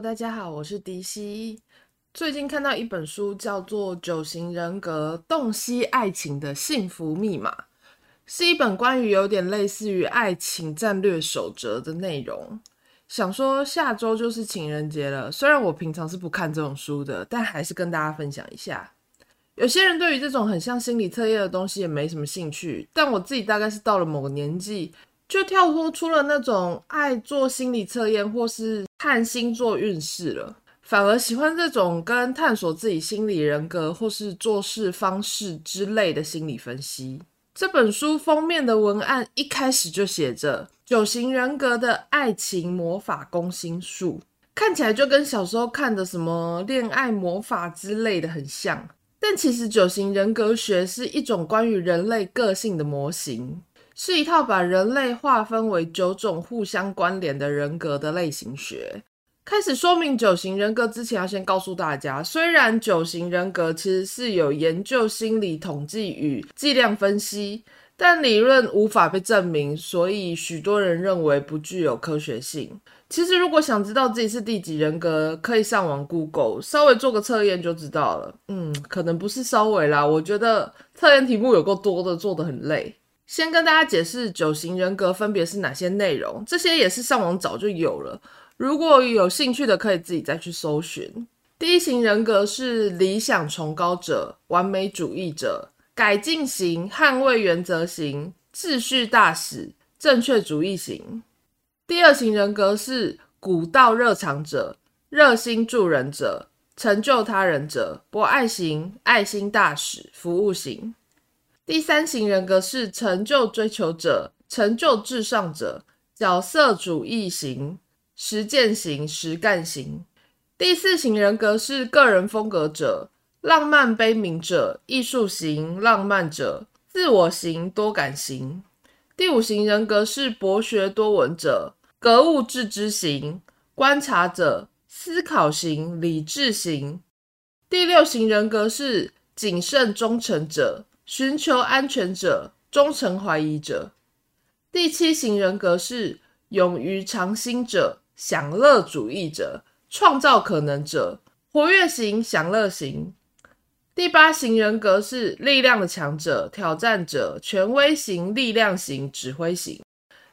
大家好，我是迪西。最近看到一本書，叫做《九型人格：洞悉愛情的幸福密碼》，是一本關於有點類似於愛情戰略守則的內容。想說下周就是情人節了，雖然我平常是不看這種書的，但還是跟大家分享一下。有些人對於這種很像心理測驗的東西也沒什麼興趣，但我自己大概是到了某個年紀，就跳脫出了那種愛做心理測驗或是看星座運勢了，反而喜歡這種跟探索自己心理人格或是做事方式之類的心理分析。這本書封面的文案一開始就寫着“九型人格的愛情魔法攻心術”，看起來就跟小時候看的什麼戀愛魔法之類的很像。但其實九型人格學是一種關於人類個性的模型。是一套把人類劃分為九種互相關聯的人格的類型學。開始說明九型人格之前，要先告訴大家，雖然九型人格其實是有研究心理統計與計量分析，但理論無法被證明，所以許多人認為不具有科學性。其實，如果想知道自己是第幾人格，可以上網 Google，稍微做個測驗就知道了。嗯，可能不是稍微啦，我覺得測驗題目有夠多的，做得很累。先跟大家解釋九型人格分別是哪些內容，這些也是上網早就有了。如果有興趣的，可以自己再去搜尋。第一型人格是理想崇高者、完美主義者、改進型、捍衛原則型、秩序大使、正確主義型。第二型人格是古道熱腸者、熱心助人者、成就他人者、博愛型、愛心大使、服務型。第三型人格是成就追求者、成就至上者、角色主義型、實踐型、實幹型。第四型人格是個人風格者、浪漫悲憫者、藝術型、浪漫者、自我型、多感型。第五型人格是博學多聞者、格物致知型、觀察者、思考型、理智型。第六型人格是謹慎忠誠者。尋求安全者、忠誠懷疑者，第七型人格是勇於嘗新者、享樂主義者、創造可能者、活躍型、享樂型。第八型人格是力量的強者、挑戰者、權威型、力量型、指揮型。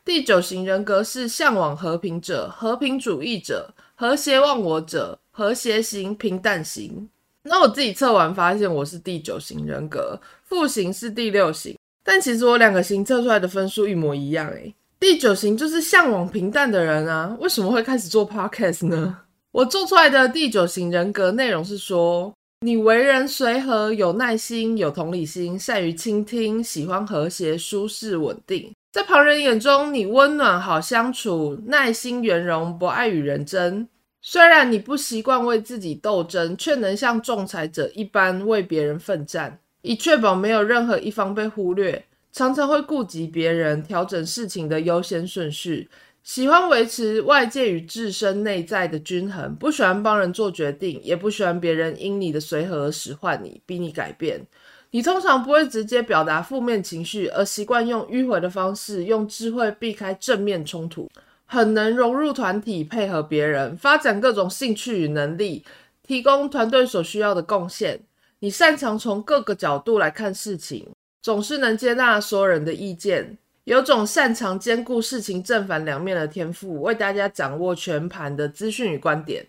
第九型人格是嚮往和平者、和平主義者、和諧忘我者、和諧型、平淡型。那我自己測完發現我是第九型人格，副型是第六型，但其實我兩個型測出來的分數一模一樣誒、欸。第九型就是嚮往平淡的人啊，為什麼會開始做 podcast 呢？我做出來的第九型人格內容是說，你為人隨和，有耐心，有同理心，善於傾聽，喜歡和諧、舒適、穩定，在旁人眼中你溫暖、好相處、耐心、圓融，不愛與人爭。雖然你不習慣為自己鬥爭，卻能像仲裁者一般為別人奮戰，以確保沒有任何一方被忽略。常常會顧及別人，調整事情的優先順序，喜歡維持外界與自身內在的均衡。不喜歡幫人做決定，也不喜歡別人因你的隨和而使喚你、逼你改變。你通常不會直接表達負面情緒，而習慣用迂回的方式，用智慧避開正面衝突。很能融入團體，配合別人，發展各種興趣與能力，提供團隊所需要的貢獻。你擅長從各個角度來看事情，總是能接納所有人的意見，有種擅長兼顧事情正反兩面的天賦，為大家掌握全盤的資訊與觀點。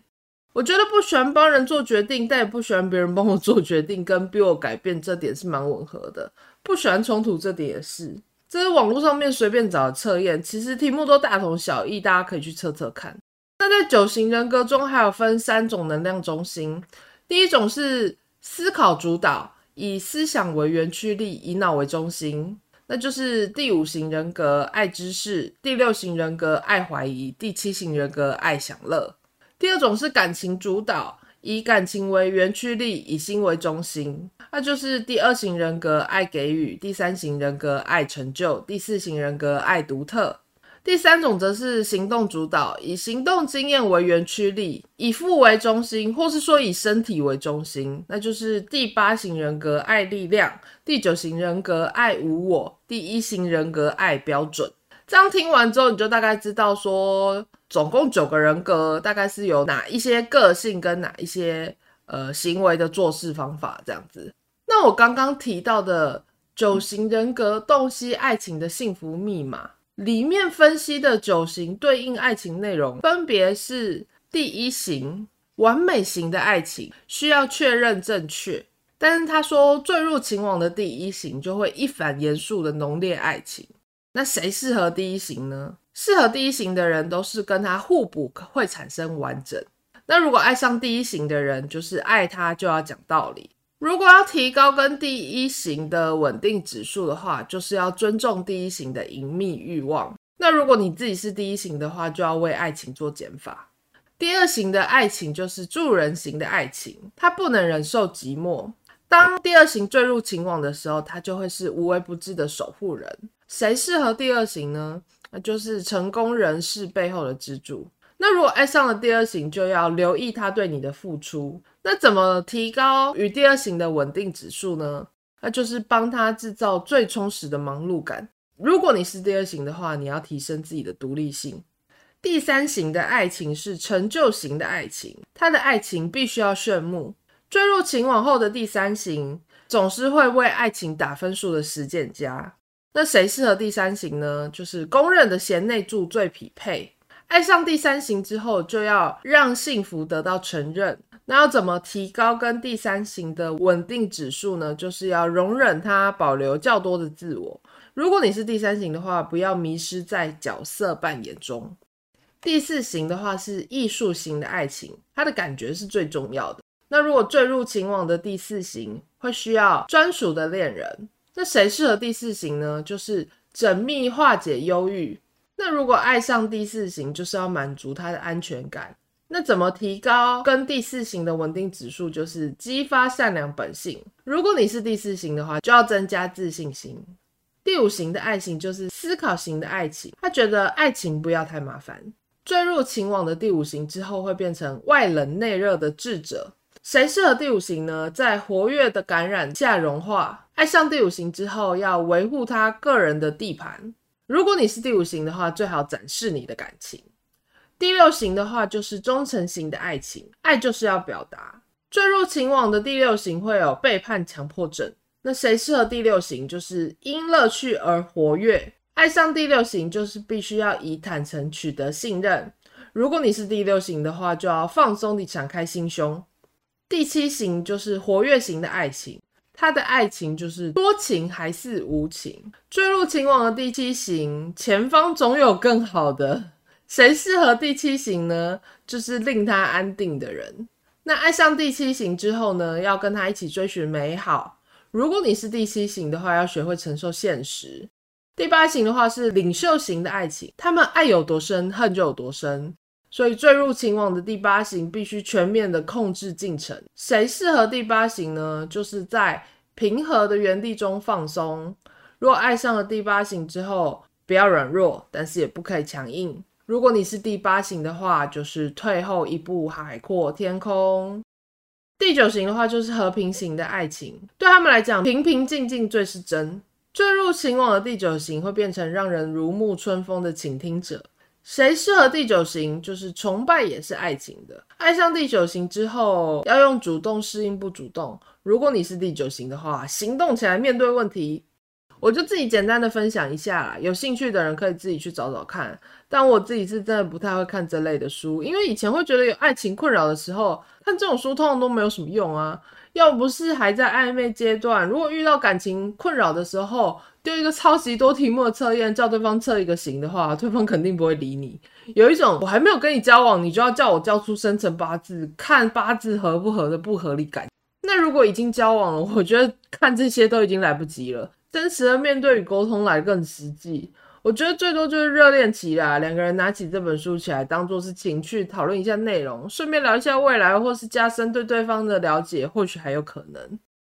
我覺得不喜歡幫人做決定，但也不喜歡別人幫我做決定，跟逼我改變這點是蠻吻合的。不喜歡衝突這點也是。這是網絡上面隨便找的測驗，其實題目都大同小異，大家可以去測測看。那在九型人格中，還有分三種能量中心，第一種是思考主導，以思想為原驅力，以腦為中心，那就是第五型人格，愛知識，第六型人格，愛懷疑，第七型人格，愛享樂。第二種是感情主導。以感情為原驅力，以心為中心，那就是第二型人格，愛給予；第三型人格，愛成就；第四型人格，愛獨特。第三種則是行動主導，以行動經驗為原驅力，以腹為中心，或是說以身體為中心，那就是第八型人格，愛力量；第九型人格，愛無我；第一型人格，愛標準。這樣聽完之後，你就大概知道說，總共九個人格，大概是有哪一些個性跟哪一些呃行為的做事方法這樣子。那我剛剛提到的九型人格洞悉愛情的幸福密碼裡面分析的九型對應愛情內容，分別是第一型完美型的愛情需要確認正確，但是他說墜入情網的第一型就會一反嚴肅的濃烈愛情。那誰適合第一型呢？適合第一型的人都是跟他互補，會產生完整。那如果愛上第一型的人，就是愛他就要講道理。如果要提高跟第一型的穩定指數的話，就是要尊重第一型的隱祕慾望。那如果你自己是第一型的話，就要為愛情做減法。第二型的愛情就是助人型的愛情，他不能忍受寂寞。當第二型墜入情網的時候，他就會是無微不至的守護人。誰適合第二型呢？那就是成功人士背後的支柱。那如果愛上了第二型，就要留意他對你的付出。那怎麼提高與第二型的穩定指數呢？那就是幫他製造最充實的忙碌感。如果你是第二型的話，你要提升自己的獨立性。第三型的愛情是成就型的愛情，他的愛情必須要炫目。墜入情網後的第三型，總是會為愛情打分數的實踐家。那誰適合第三型呢？就是公認的賢內助最匹配。愛上第三型之後，就要讓幸福得到承認。那要怎麼提高跟第三型的穩定指數呢？就是要容忍他保留較多的自我。如果你是第三型的話，不要迷失在角色扮演中。第四型的話是藝術型的愛情，它的感覺是最重要的。那如果墜入情網的第四型，會需要專屬的戀人。那誰適合第四型呢？就是縝密化解憂鬱。那如果愛上第四型，就是要滿足他的安全感。那怎麼提高跟第四型的穩定指數？就是激發善良本性。如果你是第四型的話，就要增加自信心。第五型的愛情就是思考型的愛情，他覺得愛情不要太麻煩。墜入情網的第五型之後，會變成外冷內熱的智者。誰適合第五型呢？在活躍的感染下融化。愛上第五型之後，要維護他個人的地盤。如果你是第五型的話，最好展示你的感情。第六型的話，就是忠誠型的愛情，愛就是要表達。墜入情網的第六型會有背叛強迫症。那誰適合第六型？就是因樂趣而活躍。愛上第六型就是必須要以坦誠取得信任。如果你是第六型的話，就要放鬆地敞開心胸。第七型就是活躍型的愛情。他的愛情就是多情還是無情？墜入情網的第七型，前方總有更好的。誰適合第七型呢？就是令他安定的人。那愛上第七型之後呢？要跟他一起追尋美好。如果你是第七型的話，要學會承受現實。第八型的話是領袖型的愛情，他們愛有多深，恨就有多深。所以墜入情網的第八型必須全面的控制進程。誰適合第八型呢？就是在平和的原地中放鬆。若愛上了第八型之後，不要軟弱，但是也不可以強硬。如果你是第八型的話，就是退後一步，海闊天空。第九型的話，就是和平型的愛情。對他們來講，平平靜靜最是真。墜入情網的第九型會變成讓人如沐春風的傾聽者。誰適合第九型，就是崇拜也是愛情的。愛上第九型之後，要用主動適應不主動。如果你是第九型的話，行動起來面對問題。我就自己簡單的分享一下啦，有興趣的人可以自己去找找看。但我自己是真的不太會看這類的書，因為以前會覺得有愛情困擾的時候，看這種書通常都沒有什麼用啊！要不是還在曖昧階段，如果遇到感情困擾的時候，丟一個超級多題目的測驗叫對方測一個型的話，對方肯定不會理你。有一種我還沒有跟你交往，你就要叫我交出生辰八字，看八字合不合的不合理感。那如果已經交往了，我覺得看這些都已經來不及了，真實的面對與溝通來更實際。我覺得最多就是熱戀期啦，兩個人拿起這本書起來當作事，當做是情趣，討論一下內容，順便聊一下未來，或是加深對對方的了解，或許還有可能。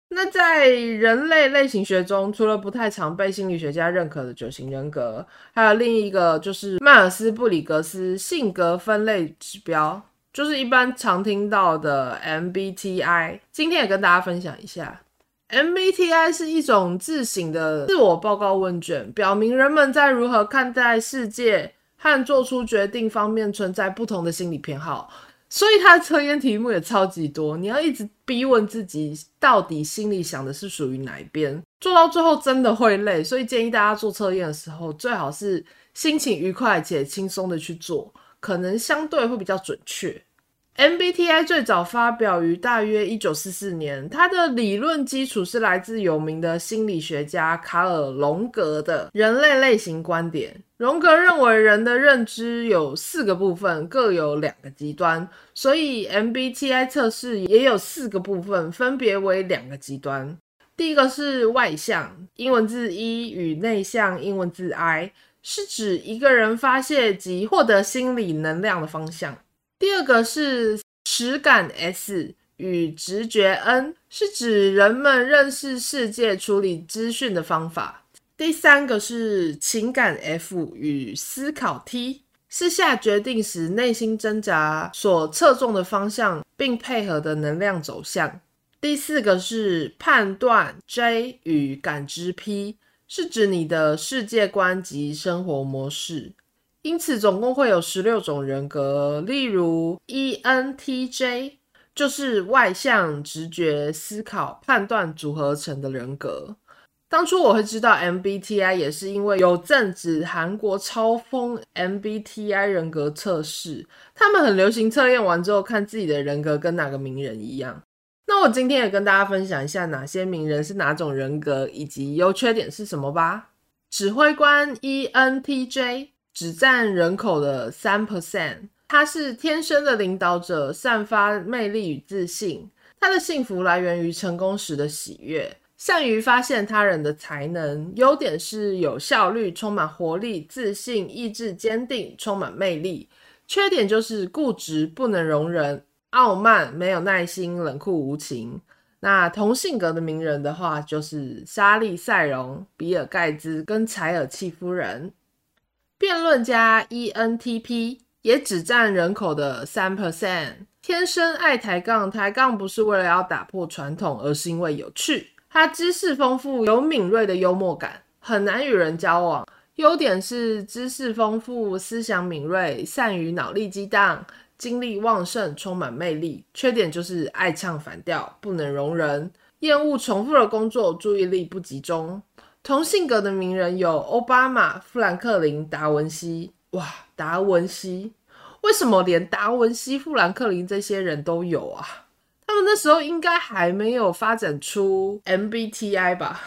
那在人類類型學中，除了不太常被心理學家認可的九型人格，還有另一個就是邁爾斯布里格斯性格分類指標，就是一般常聽到的 MBTI。今天也跟大家分享一下。MBTI 是一種自省的自我報告問卷，表明人們在如何看待世界和做出決定方面存在不同的心理偏好。所以，它的測驗題目也超級多，你要一直逼問自己到底心裡想的是屬於哪一邊，做到最後真的會累。所以，建議大家做測驗的時候，最好是心情愉快且輕鬆的去做，可能相對會比較準確。MBTI 最早發表於大約一九四四年，它的理論基礎是來自有名的心理學家卡爾·榮格的人類類型觀點。榮格認為人的認知有四個部分，各有兩個極端，所以 MBTI 測試也有四個部分，分別為兩個極端。第一個是外向（英文字 E） 與內向（英文字 I），是指一個人發洩及獲得心理能量的方向。第二個是實感 S 與直覺 N，是指人們認識世界、處理資訊的方法。第三個是情感 F 與思考 T，是下決定時內心掙扎所側重的方向，並配合的能量走向。第四個是判斷 J 與感知 P，是指你的世界觀及生活模式。因此，總共會有十六種人格，例如 E N T J 就是外向、直覺、思考、判斷組合成的人格。當初我會知道 M B T I 也是因為有陣子韓國超瘋 M B T I 人格測試，他們很流行測驗完之後看自己的人格跟哪個名人一樣。那我今天也跟大家分享一下哪些名人是哪種人格，以及優缺點是什麼吧。指揮官 E N T J。ENTJ 只佔人口的三 percent，他是天生的領導者，散發魅力與自信。他的幸福來源於成功時的喜悅，善於發現他人的才能。優點是有效率，充滿活力，自信，意志堅定，充滿魅力。缺點就是固執，不能容忍，傲慢，沒有耐心，冷酷無情。那同性格的名人的話，就是莎莉·賽容、比爾·蓋茨跟柴爾契夫人。辯論家 ENTP 也只佔人口的3%。天生愛抬槓，抬槓不是為了要打破傳統，而是因為有趣。他知識豐富，有敏銳的幽默感，很難與人交往。優點是知識豐富，思想敏銳，善於腦力激盪，精力旺盛，充滿魅力。缺點就是愛唱反調，不能容人，厭惡重複的工作，注意力不集中。同性格的名人有歐巴馬、富蘭克林、達文西。哇，達文西，為什麼連達文西、富蘭克林這些人都有啊？他們那時候應該還沒有發展出 MBTI 吧？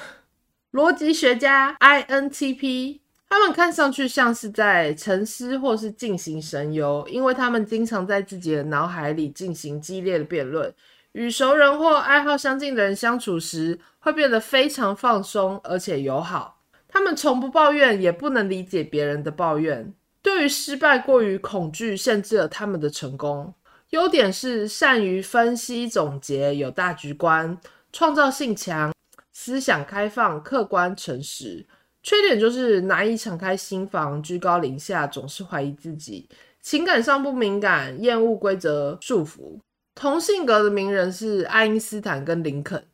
邏輯學家 INTP，他們看上去像是在沉思或是進行神遊，因為他們經常在自己的腦海裡進行激烈的辯論。與熟人或愛好相近的人相處時，會變得非常放鬆而且友好，他們從不抱怨，也不能理解別人的抱怨。對於失敗過於恐懼，限制了他們的成功。優點是善於分析總結，有大局觀，創造性強，思想開放，客觀誠實。缺點就是難以敞開心房，居高臨下，總是懷疑自己，情感上不敏感，厭惡規則束縛。同性格的名人是愛因斯坦跟林肯。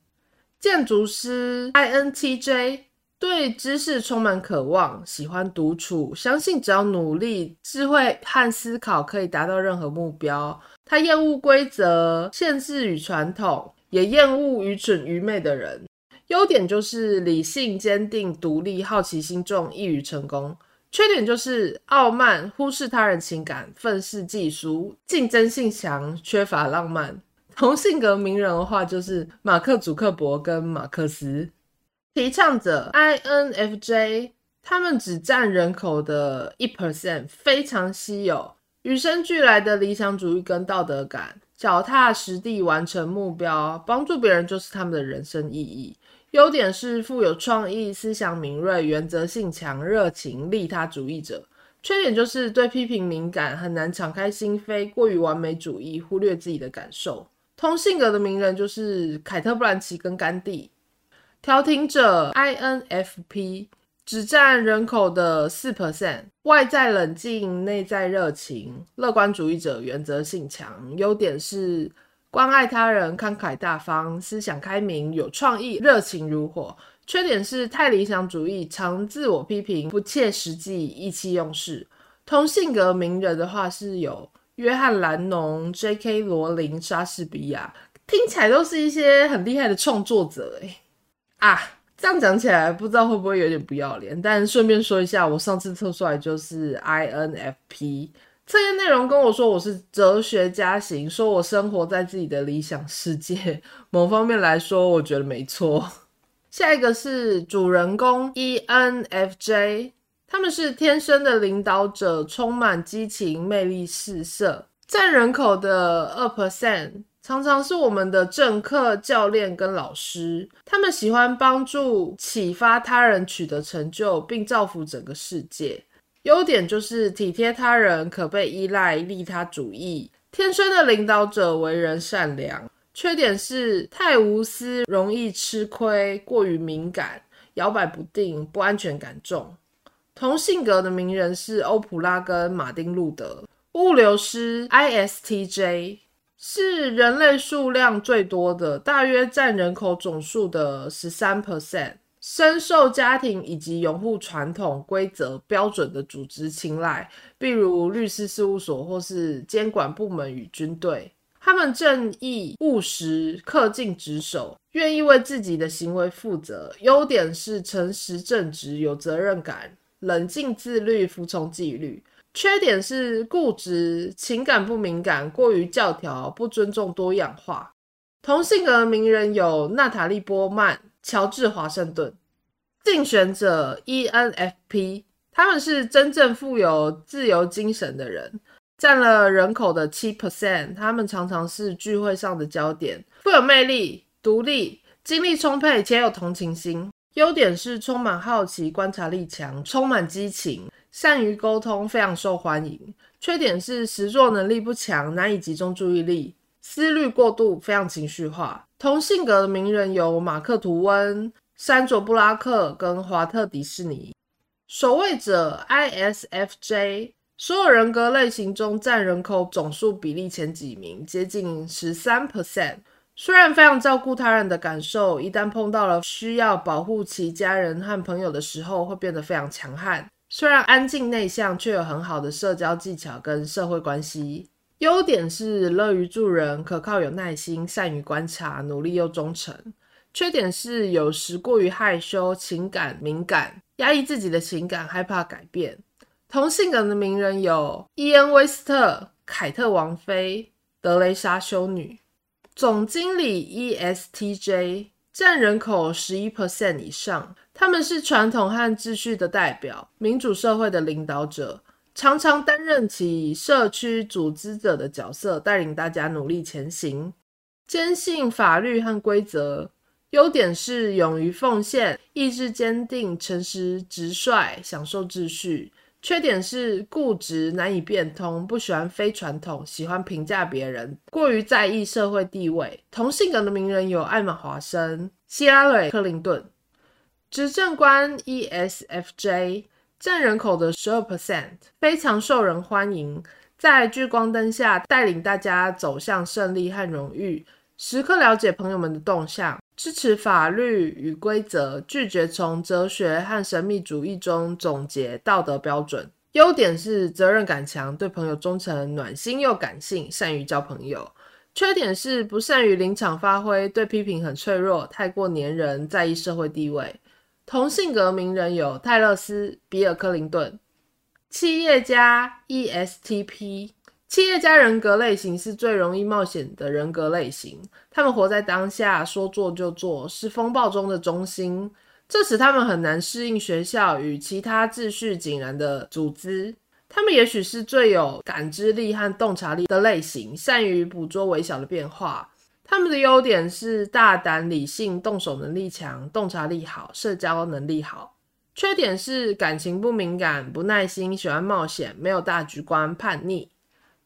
建築師 INTJ 對知識充滿渴望，喜歡獨處，相信只要努力、智慧和思考可以達到任何目標。他厭惡規則、限制與傳統，也厭惡愚蠢愚昧的人。優點就是理性、堅定、獨立、好奇心重、易於成功。缺點就是傲慢、忽視他人情感、憤世嫉俗、競爭性強、缺乏浪漫。同性格名人的話就是馬克·祖克伯跟馬克思，提倡者 INFJ，他們只占人口的一 percent，非常稀有。與生俱來的理想主義跟道德感，腳踏實地完成目標，幫助別人就是他們的人生意義。優點是富有創意、思想敏銳、原則性強、熱情、利他主義者。缺點就是對批評敏感，很難敞開心扉，過於完美主義，忽略自己的感受。同性格的名人就是凱特·布蘭奇跟甘地。調停者 INFP 只占人口的四 percent，外在冷靜，內在熱情，樂觀主義者，原則性強。優點是關愛他人，慷慨大方，思想開明，有創意，熱情如火。缺點是太理想主義，常自我批評，不切實際，意氣用事。同性格名人的話是有。約翰藍儂、J.K. 羅琳、莎士比亞，聽起來都是一些很厲害的創作者哎啊！這樣講起來，不知道會不會有點不要臉？但順便說一下，我上次測出來就是 INFP，測驗內容跟我說我是哲學家型，說我生活在自己的理想世界。某方面來說，我覺得沒錯。下一個是主人公 ENFJ。他們是天生的領導者，充滿激情、魅力四射。占人口的二 percent，常常是我們的政客、教練跟老師。他們喜歡幫助、啟發他人取得成就，並造福整個世界。優點就是體貼他人、可被依賴、利他主義。天生的領導者，為人善良。缺點是太無私、容易吃虧、過於敏感、搖擺不定、不安全感重。同性格的名人是歐普拉跟馬丁路德。物流師 ISTJ 是人類數量最多的，大約佔人口總數的十三 percent。深受家庭以及擁護傳統規則標準的組織青睞，比如律師事務所或是監管部門與軍隊。他們正義、務實、恪盡職守，願意為自己的行為負責。優點是誠實、正直、有責任感，冷靜、自律、服從紀律，缺點是固執、情感不敏感、過於教條、不尊重多樣化。同性格名人有娜塔莉·波曼、喬治·華盛頓。競選者 ENFP，他們是真正富有自由精神的人，占了人口的七 percent。他們常常是聚會上的焦點，富有魅力、獨立、精力充沛且有同情心。優點是充滿好奇、觀察力強、充滿激情、善於溝通、非常受歡迎。缺點是實作能力不強、難以集中注意力、思慮過度、非常情緒化。同性格的名人有馬克·吐溫、山卓·布拉克跟華特·迪士尼。守衛者 ISFJ，所有人格類型中占人口總數比例前幾名，接近十三 percent。雖然非常照顧他人的感受，一旦碰到了需要保護其家人和朋友的時候，會變得非常強悍。雖然安靜內向，卻有很好的社交技巧跟社會關係。優點是樂於助人、可靠、有耐心、善於觀察、努力又忠誠。缺點是有時過於害羞、情感敏感、壓抑自己的情感、害怕改變。同性格的名人有伊恩·威斯特、凱特王妃、德雷莎修女。總經理 ESTJ 佔人口十一 percent 以上，他們是傳統和秩序的代表，民主社會的領導者，常常擔任起社區組織者的角色，帶領大家努力前行，堅信法律和規則。優點是勇於奉獻，意志堅定，誠實直率，享受秩序。缺點是固執、難以變通、不喜歡非傳統、喜歡評價別人、過於在意社會地位。同性格的名人有艾瑪·華森、希拉蕾克林頓。執政官 ESFJ 占人口的十二 percent，非常受人歡迎，在聚光燈下帶領大家走向勝利和榮譽，時刻了解朋友們的動向。支持法律與規則，拒絕從哲學和神秘主義中總結道德標準。優點是責任感強，對朋友忠誠，暖心又感性，善於交朋友。缺點是不善於臨場發揮，對批評很脆弱，太過黏人，在意社會地位。同性格名人有泰勒斯、比爾·克林頓、企業家 ESTP。企業家人格類型是最容易冒險的人格類型。他們活在當下，說做就做，是風暴中的中心。這使他們很難適應學校與其他秩序井然的組織。他們也許是最有感知力和洞察力的類型，善於捕捉微小的變化。他們的優點是大膽、理性、動手能力強、洞察力好、社交能力好。缺點是感情不敏感、不耐心、喜歡冒險、沒有大局觀、叛逆。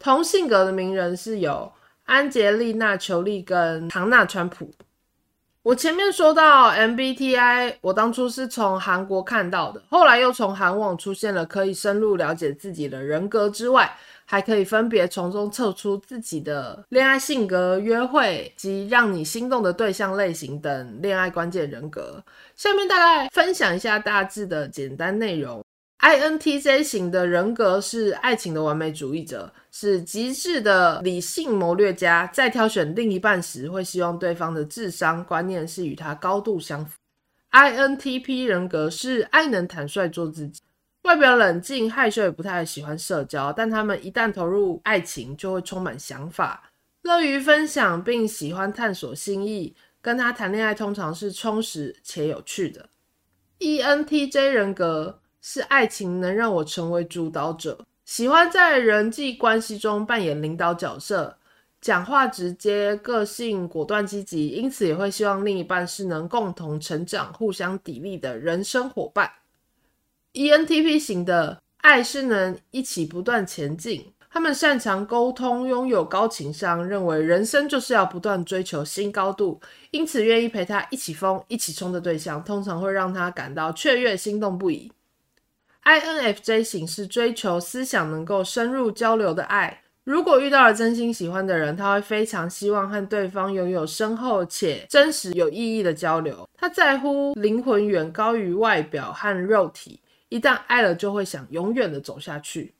同性格的名人是有安傑麗娜·裘麗跟唐納·川普。我前面說到 MBTI，我當初是從韓國看到的，後來又從韓網出現了可以深入了解自己的人格之外，還可以分別從中測出自己的戀愛性格、約會及讓你心動的對象類型等戀愛關鍵人格。下面大概分享一下大致的簡單內容。INTJ 型的人格是愛情的完美主義者，是極致的理性謀略家，在挑選另一半時會希望對方的智商觀念是與他高度相符。INTP 人格是愛能坦率做自己，外表冷靜害羞，也不太喜歡社交，但他們一旦投入愛情就會充滿想法，樂於分享，並喜歡探索新意。跟他談戀愛通常是充實且有趣的。ENTJ 人格。是愛情能讓我成為主導者，喜歡在人際關係中扮演領導角色，講話直接，個性果斷積極，因此也會希望另一半是能共同成長、互相砥礪的人生伙伴。ENTP 型的愛是能一起不斷前進，他們擅長溝通，擁有高情商，認為人生就是要不斷追求新高度，因此願意陪他一起瘋、一起衝的對象，通常會讓他感到雀躍、心動不已。INFJ 型是追求思想能夠深入交流的愛。如果遇到了真心喜歡的人，他會非常希望和對方擁有深厚且真實有意義的交流。他在乎靈魂遠高於外表和肉體，一旦愛了就會想永遠的走下去。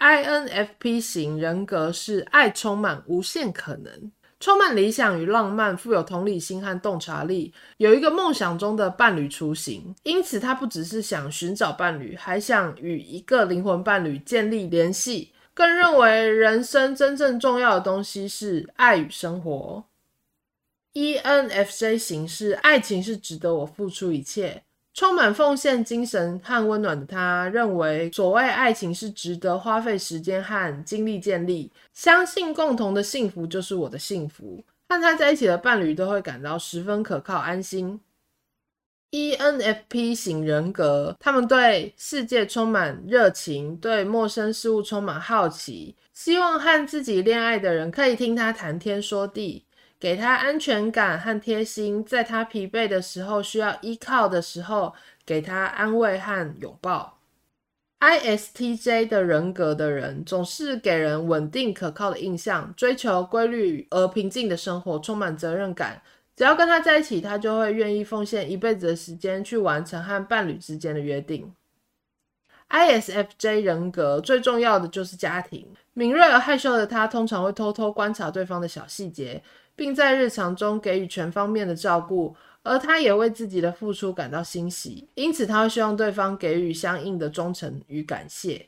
INFP 型人格是愛充滿無限可能。充滿理想與浪漫，富有同理心和洞察力，有一個夢想中的伴侶雛形，因此他不只是想尋找伴侶，還想與一個靈魂伴侶建立聯繫。更認為人生真正重要的東西是愛與生活。ENFJ 形式，愛情是值得我付出一切。充滿奉獻精神和溫暖的他，認為所謂愛情是值得花費時間和精力建立。相信共同的幸福就是我的幸福，和他在一起的伴侶都會感到十分可靠安心。ENFP 型人格，他們對世界充滿熱情，對陌生事物充滿好奇，希望和自己戀愛的人可以聽他談天說地。給他安全感和貼心，在他疲憊的時候、需要依靠的時候，給他安慰和擁抱。ISTJ 的人格的人總是給人穩定可靠的印象，追求規律而平靜的生活，充滿責任感。只要跟他在一起，他就會願意奉獻一輩子的時間去完成和伴侶之間的約定。ISFJ 人格最重要的就是家庭，敏銳而害羞的他通常會偷偷觀察對方的小細節。並在日常中給予全方面的照顧，而他也為自己的付出感到欣喜，因此他會希望對方給予相應的忠誠與感謝。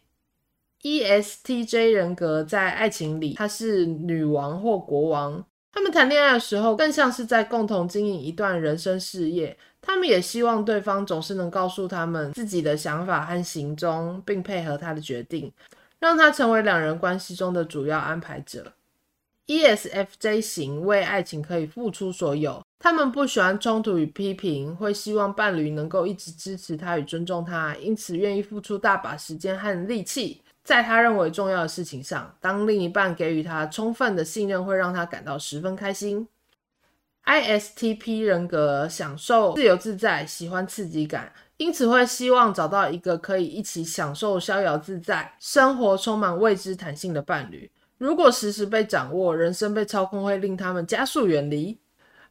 ESTJ 人格在愛情裡，他是女王或國王，他們談戀愛的時候更像是在共同經營一段人生事業。他們也希望對方總是能告訴他們自己的想法和行蹤，並配合他的決定，讓他成為兩人關係中的主要安排者。ESFJ 型為愛情可以付出所有，他們不喜歡衝突與批評，會希望伴侶能夠一直支持他與尊重他，因此願意付出大把時間和力氣。在他認為重要的事情上，當另一半給予他充分的信任，會讓他感到十分開心。ISTP 人格享受自由自在，喜歡刺激感，因此會希望找到一個可以一起享受逍遙自在、生活充滿未知彈性的伴侶。如果時時被掌握，人生被操控，會令他們加速遠離。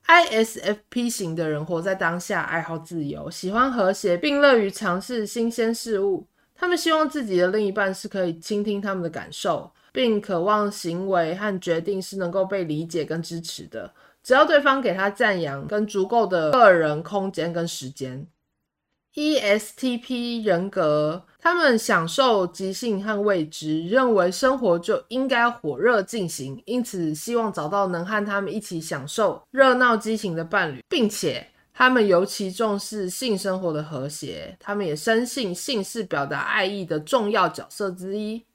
ISFP 型的人活在當下，愛好自由，喜歡和諧，並樂於嘗試新鮮事物。他們希望自己的另一半是可以傾聽他們的感受，並渴望行為和決定是能夠被理解跟支持的。只要對方給他讚揚跟足夠的個人空間跟時間。ESTP 人格，他們享受即興和未知，認為生活就應該火熱進行，因此希望找到能和他們一起享受熱鬧激情的伴侶，並且他們尤其重視性生活的和諧。他們也深信性是表達愛意的重要角色之一。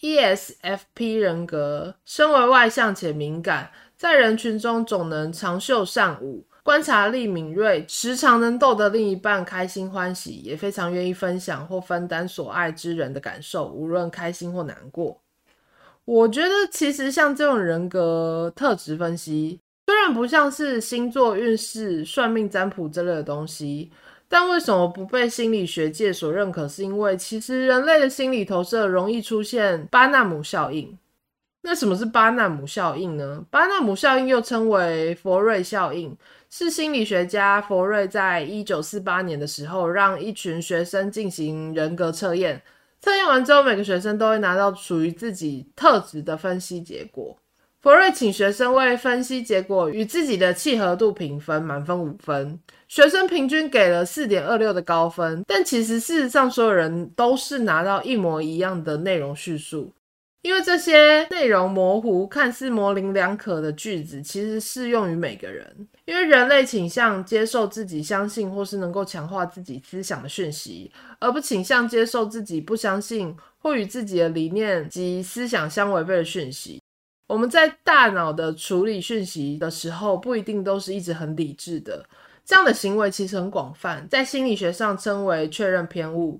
ESFP 人格，身為外向且敏感，在人群中總能長袖善舞。觀察力敏銳，時常能逗得另一半開心歡喜，也非常願意分享或分擔所愛之人的感受，無論開心或難過。我覺得其實像這種人格特質分析，雖然不像是星座運勢、算命占卜之類的東西，但為什麼不被心理學界所認可？是因為其實人類的心理投射容易出現巴納姆效應。那什麼是巴納姆效應呢？巴納姆效應又稱為佛瑞效應。是心理學家佛瑞在一九四八年的時候，讓一群學生進行人格測驗。測驗完之後，每個學生都會拿到屬於自己特質的分析結果。佛瑞請學生為分析結果與自己的契合度評分，滿分五分。學生平均給了四點二六的高分，但其實事實上，所有人都是拿到一模一樣的內容敘述。因為這些內容模糊、看似模棱兩可的句子，其實適用於每個人。因為人類傾向接受自己相信或是能夠強化自己思想的訊息，而不傾向接受自己不相信或與自己的理念及思想相違背的訊息。我們在大腦的處理訊息的時候，不一定都是一直很理智的。這樣的行為其實很廣泛，在心理學上稱為確認偏誤。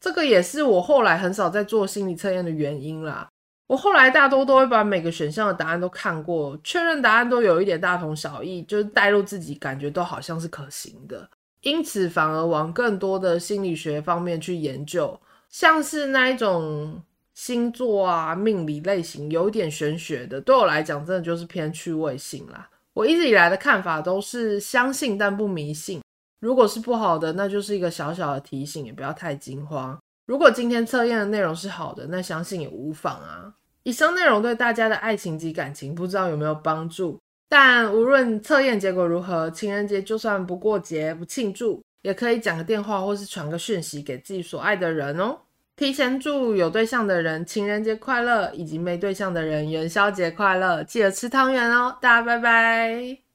這個也是我後來很少在做心理測驗的原因啦。我後來大多都會把每個選項的答案都看過，確認答案都有一點大同小異，就是帶入自己感覺都好像是可行的，因此反而往更多的心理學方面去研究，像是那一種星座啊、命理類型，有一點玄學的，對我來講真的就是偏趣味性啦。我一直以來的看法都是相信但不迷信，如果是不好的，那就是一個小小的提醒，也不要太驚慌；如果今天測驗的內容是好的，那相信也無妨啊。以上內容對大家的愛情及感情不知道有沒有幫助？但無論測驗結果如何，情人節就算不過節、不慶祝，也可以講個電話或是傳個訊息給自己所愛的人哦。提前祝有對象的人情人節快樂，以及沒對象的人元宵節快樂，記得吃湯圓哦。大家拜拜。